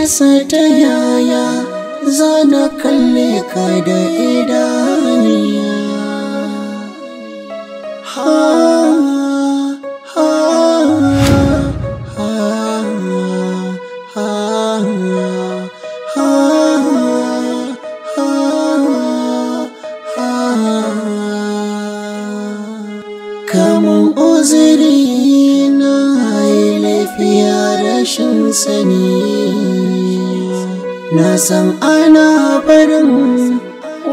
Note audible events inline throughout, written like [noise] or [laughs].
rasa ta yaya za na kalle ka da idaniya ha ha na lafiya rashin sani na san ana barin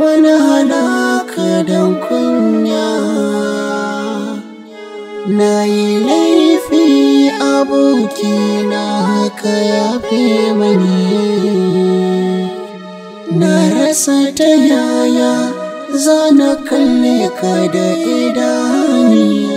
wani halaka don kunya na yi laifi aboki na haka ya fi mani na rasa ta yaya za na kalle ka da idaniya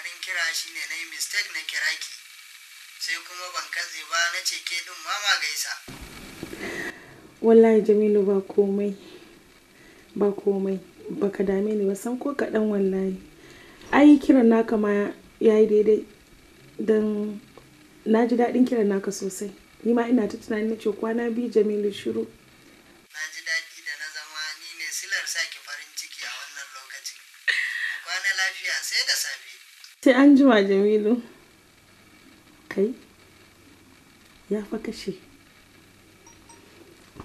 ƙoƙarin kira shi ne na yi mistake na kira ki sai kuma ban katse ba na ce ke ɗin mama gaisa wallahi jamilu ba komai ba komai baka dame ni ba san ko kaɗan wallahi ai kiran naka ma ya yi daidai don na ji daɗin kiran naka sosai ni ma ina ta tunanin na ce kwana biyu jamilu shiru na ji daɗi da na zama ni ne silar saki farin ciki a wannan lokacin kwana lafiya sai da safe Sai an jima Jamilu. Kai, ya fa kashe.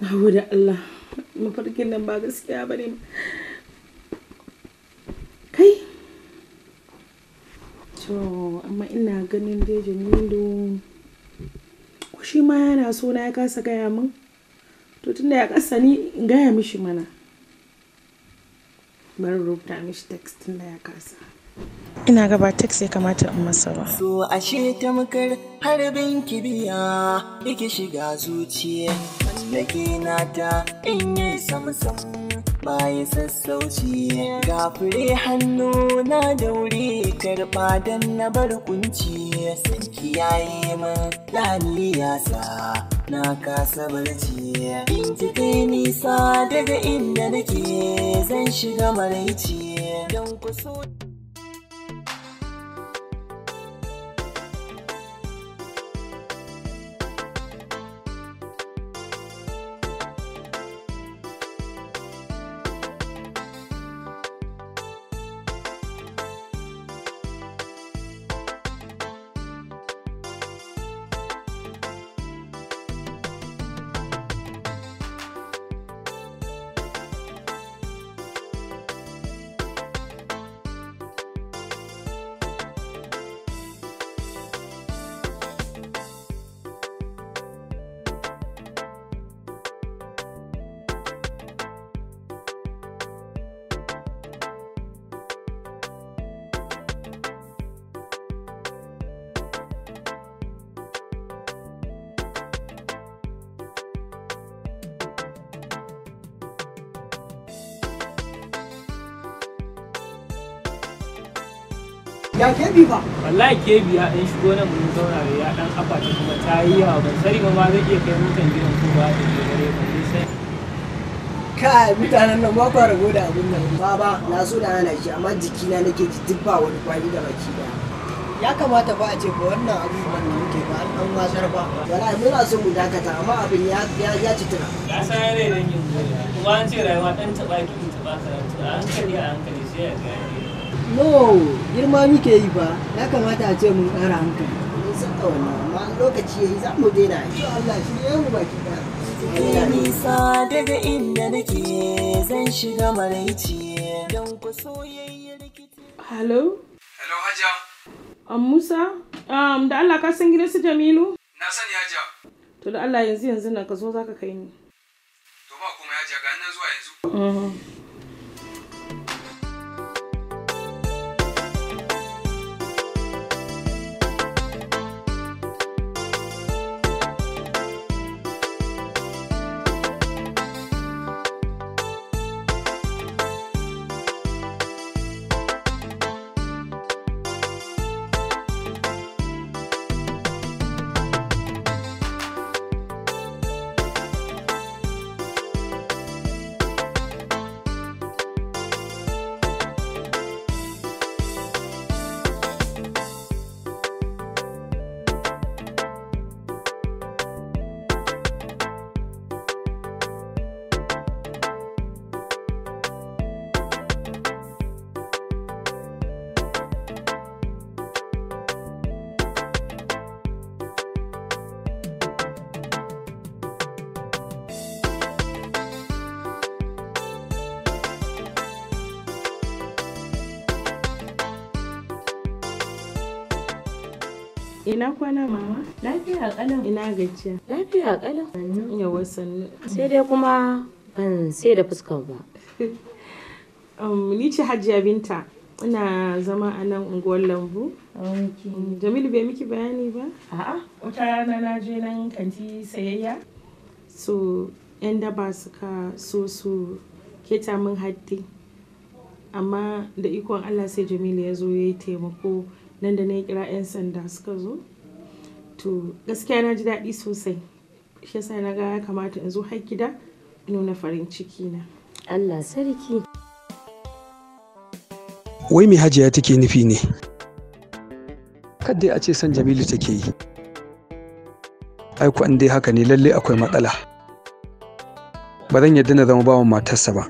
Na gode Allah, mafarkin nan ba gaskiya ba ne. Kai, to, amma ina ganin dai Jamilu. Ko shi ma yana so na ya kasa gaya min? To, tunda ya kasa ni in gaya mishi mana. Bari rubuta mishi text tunda ya kasa. ina gaba tax ya kamata in masa ba so ashe tamkar harbin kibiya yake shiga zuciya ke nata in yi samsam ya sassauci ga fure hannu na wuri, karɓa don na bar kunci sarki ma min lani yasa na kasa barci in ji kai nisa daga inda nake zan shiga maraici don kuso ya kebi ba wallahi kebi ya dan shigo nan mun zauna da ya dan akwati kuma ta yi yawa ban sani ba ma zai iya kai mutan gidan ko ba da ke gare ba ne sai kai mutanen nan ba kwa rabo da abun nan ba ba na so da hana shi amma jikina nake ji duk ba wani kwali da baki da ya kamata ba a ce ba wannan abubuwan da muke ba an dan wasar ba wallahi muna so mu dakata amma abin ya ya ya ci tuna ya san rai ne yanzu kuma an ce rayuwa dan taba ki taba karatu a hankali a hankali sai ya gane no girma muke yi ba, ya kamata a ce mun ƙara hankali mun saka wani wannan amma lokaci yayi za mu daina insha Allah shi yayi mu baki da sa daga inda nake zan shiga maraici don ku soyayya hello hello hajiya am musa um, da Allah ka san gidan Jamilu na sani hajiya to da Allah yanzu yanzu nan ka zo zaka kai ni to ba kuma hajiya ga nan zuwa yanzu Ina kwana mama? Lafiya kalan Ina gajiya. Lafiya ƙalau. Sannu. Yawa sannu. Sai dai kuma ban sai da fuskar ba. [laughs] Um, ni ce Hajiya Binta. Ina zama a nan unguwar lambu. Um, Jamilu bai miki bayani ba? A'a. Wata rana na je nan kanti sayayya. So, 'yan daba suka so su keta min haddi. Amma da ikon Allah sai Jamilu ya zo ya yi taimako. nan da na kira 'yan sanda suka zo to gaskiya na ji daɗi sosai shi yasa na ga ya kamata in zo har gida nuna farin ciki na Allah sarki wai mai hajiya take nufi ne kadai a ce san jamilu take yi ai an dai haka ne lalle akwai matsala ba zan yarda na zama bawan matarsa ba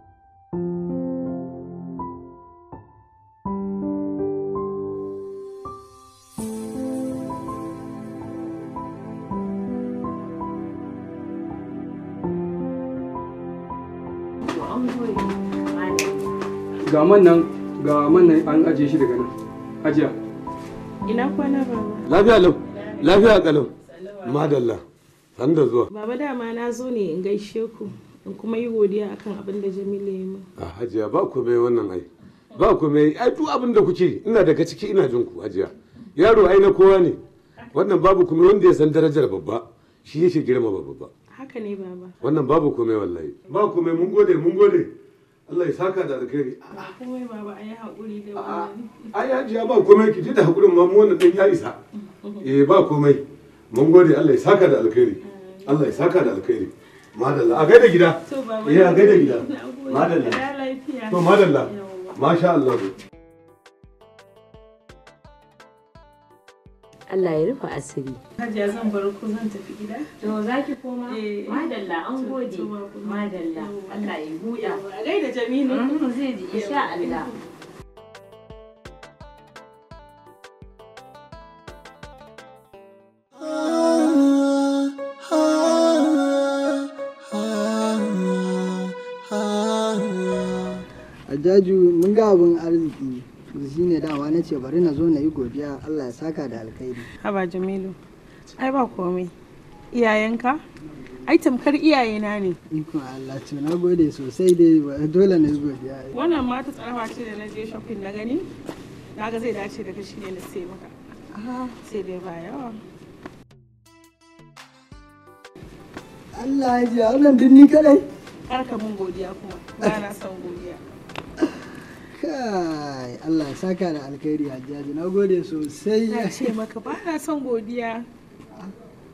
ga man nan ga man nan an ajiye shi daga nan ajiya ina kwana baba lafiya lau lafiya kalau madalla san da zuwa baba dama na zo ne in gaishe ku in kuma yi godiya akan abin da jamila ya yi a hajiya ba ku mai wannan ai ba ku mai ai duk abin da kuke ina daga ciki ina jin ku hajiya yaro ai na kowa ne wannan babu kuma wanda ya san darajar babba shi yake girma babba haka ne baba wannan babu komai wallahi ba komai mun gode mun gode Allah ya saka da alkhairi komai baba ai hakuri da wannan ba komai ki ji da hakurin mamu wannan dan ya isa [laughs] eh ba komai mun gode Allah ya saka da alkhairi Allah ya saka da alkhairi madalla a gaida gida eh a gaida gida madalla to madalla masha Allah Allah ya rufe asiri. Hajiya zan bar ku zan tafi gida. To za ki koma? Eh. Madalla an gode. Madalla Allah ya buya. A gaida Jamilu. Mun mm, Zai ji insha Allah. Jaju mun ga abin arziki shi ne dawa na ce bari na zo na yi godiya allah ya saka da alkhairi haba jamilu ai ba komai iyayenka ai tamkar iyaye na ne Iko allah ce na gode sosai dai dole na yi godiya wannan ma ta tsaraba ce da na je shopping na gani na ga zai dace da kashi ne na sai maka sai dai ba yawa Allah ya ji wannan dinni kadai. karka ka mun godiya kuma, ba na son godiya. kai Allah ya saka da alkhairi hajjaji na gode sosai ya ce maka ba na son godiya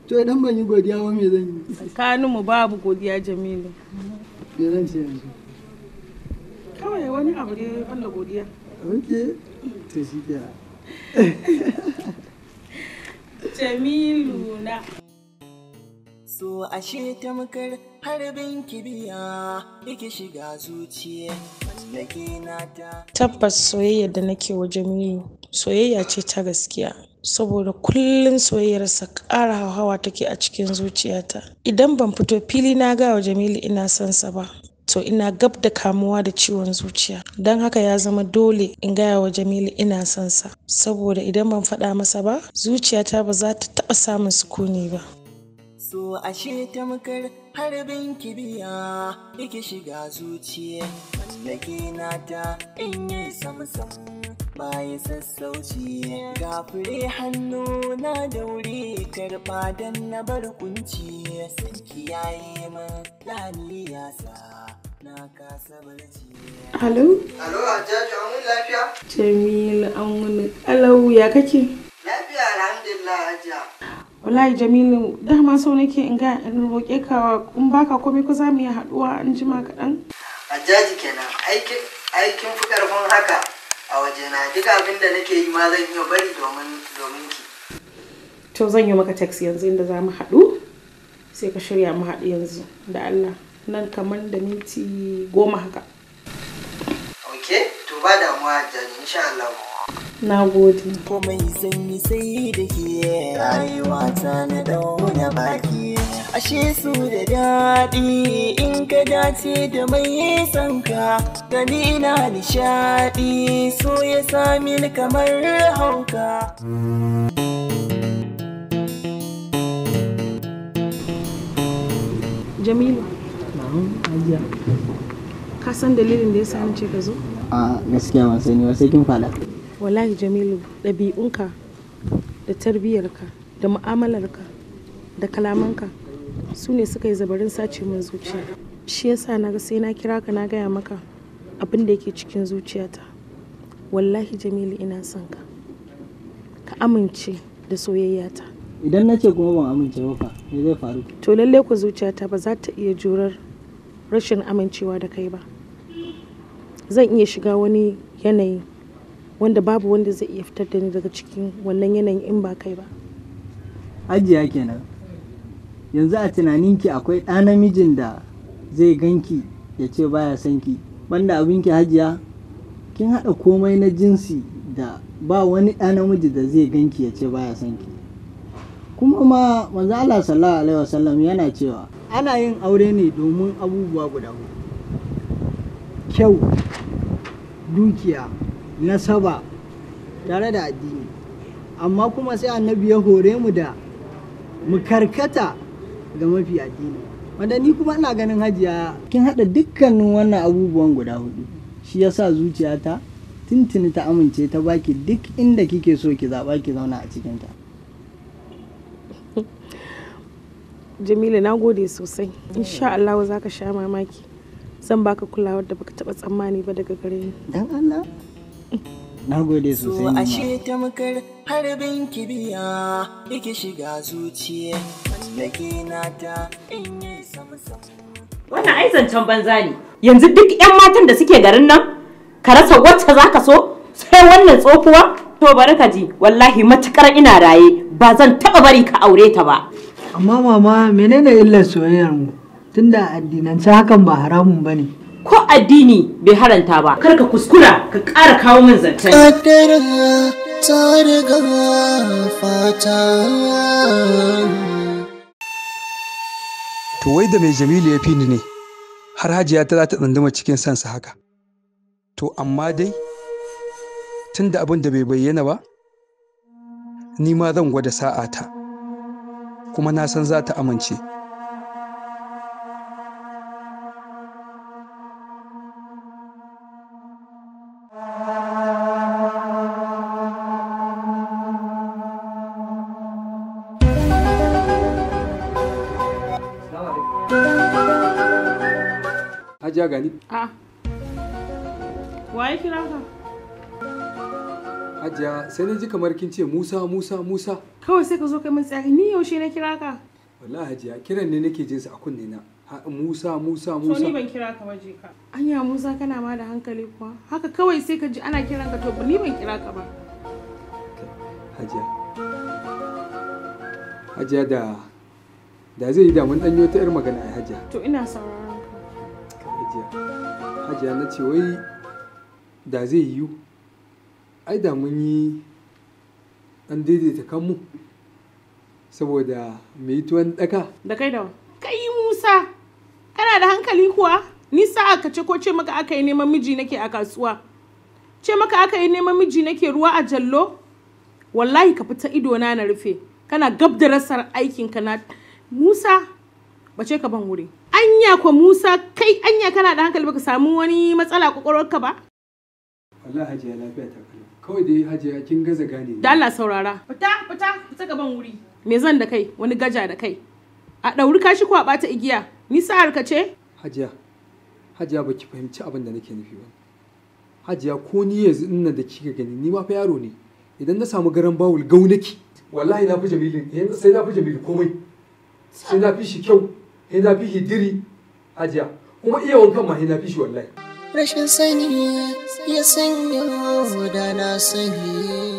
to idan ban yi godiya wa me zan yi tsakanin mu babu godiya jamilu me zan ce yanzu kawai wani abu ne banda godiya oke to shi ke [laughs] jamilu na so ashe tamkar harbin kibiya yake shiga zuciya Tabbas soyayya da nake wa Jamilu soyayya ce ta gaskiya. Saboda kullum soyayyarsa ƙara hauhawa take a cikin zuciyata. Idan ban fito fili na wa Jamilu ina son sa ba, to ina gab da kamuwa da ciwon zuciya. Don haka ya zama dole in gaya wa Jamilu ina son sa. Saboda idan ban faɗa masa ba, zuciyata ba za ta taɓa samun sukuni ba. harbin kibiya iki shiga zuciya wanda nata in yi samsam baya sassauci ga fure hannu na da daure karɓa don na bar kunci sarki ya yi min lani ya sa na kasa barci Halo? a Hajjaju, an lafiya? Jamil, an wuni. Alau, ya kake? wallahi jamilu dama sau nake in ga in roƙe ka in baka komai ko za mu yi haɗuwa an jima kaɗan. a jaji kenan aikin aikin fi ƙarfin haka a waje duk abin da nake yi ma zan iya bari domin domin ki. to zan yi maka taxi yanzu inda za mu haɗu sai ka shirya mu haɗu yanzu da allah nan kamar da minti goma haka. ok to ba damuwa jaji insha allah. na gode komai zan sai da ke rayuwa ta na dauna baki ashe su da daɗi in ka dace da mai san ka gani na nishaɗi so ya sami ni kamar hauka jamilu ka san dalilin da ya sami ce ka zo a gaskiya ban sani ba sai kin fada Wallahi Jamilu ɗabi'unka da tarbiyyarka da mu'amalarka da kalamanka su ne suka yi zabarin sace min zuciya. Shi yasa na ga sai na kira ka na gaya maka abin da yake cikin zuciyata. Wallahi Jamilu ina son ka. Ka amince da soyayyata. Idan na ce kuma ban amince ba me zai faru? To lallai ku zuciyata ba za ta iya jurar rashin amincewa da kai ba. Zan iya shiga wani yanayi wanda babu wanda zai iya fitar da ni daga cikin wannan yanayin in ba kai ba ajiya kenan yanzu a tunaninki akwai ɗa namijin da zai ganki ya ce baya son ki banda abinki hajiya kin haɗa komai na jinsi da ba wani ɗa namiji da zai ganki ya ce baya son ki kuma ma manzo Allah sallallahu alaihi wasallam yana cewa ana yin aure ne domin abubuwa guda huɗu. kyau dukiya nasaba tare da addini amma kuma sai annabi ya hore mu da mu karkata ga mafi addini wanda ni kuma ina ganin hajiya kin haɗa dukkanin wannan abubuwan guda hudu shi yasa zuciyata tuntuni ta amince ta baki duk inda kike so ki zaba ki zauna a cikinta [laughs] jamilu na gode sosai insha Allah za ka sha mamaki zan baka kulawar da baka taba tsammani ba daga gare ni dan Allah na gode sosai ne ashe ta makar harbin kibiya yake shiga zuciya na ta inye sama wannan ai banza ne yanzu duk yan matan da suke garin nan ka rasa wacce za ka so sai wannan tsofuwa to bari ka ji wallahi matukar ina raye ba zan taba bari ka aure ta ba amma mama menene illar soyayyar mu tunda addinance hakan ba haramun bane ko addini bai haranta ba kar ka kuskura ka ƙara kawo min ta to wai da mai jamilu ya fi ni ne har hajiya ta za ta tsanduma cikin sansa haka to amma dai tun da abin da bai bayyana ba ni ma zan gwada sa'ata kuma na san za ta amince hajiya gani a ah. waye kira ka hajiya sai na ji kamar kin ce musa musa musa kawai sai ka zo kai min tsari ni yaushe na kira ka wallahi hajiya kiran ne nake jin sa a kunne na Musa Musa Musa. So ni ban kira ka waje ka. Anya Musa kana ma da hankali kuwa. Haka kawai sai ka ji ana kiran ka to ni ban kira ka ba. Hajiya. Hajiya da da zai yi da mun danyo ta 'yar magana ai Hajiya. To ina saurara. hajiya hajiya na ce wai da zai yiwu ai da mun yi an daidaita kanmu saboda mai tuwon daka da kai da kai musa kana da hankali kuwa ni sa'a ka ce ko ce maka aka yi neman miji nake a kasuwa ce maka aka yi neman miji nake ruwa a jallo wallahi ka fita ido na na rufe kana gab da rasar aikinka na musa bace ka ban wuri anya ko Musa kai anya kana da hankali baka samu wani matsala kwakwalwarka ba? Wallahi hajiya lafiya ta kai. Kawai dai hajiya kin gaza gane. Da Allah saurara. Fita fita fita gaban wuri. Me zan da kai wani gaja da kai. A ɗauri kashi ko a ɓata igiya. Ni sa'ar ka ce? Hajiya. Hajiya baki fahimci abin da nake nufi ba. Hajiya ko ni yanzu ina da kika gani ni ma fa yaro ne. Idan na samu garan bawul gaunaki Wallahi na fi Jamilu sai na fi Jamilu komai. Sai na fi shi kyau. hina fishi diri ajiya kuma iya wankan ma hina fishi wallahi rashin sani ya sanya da na sani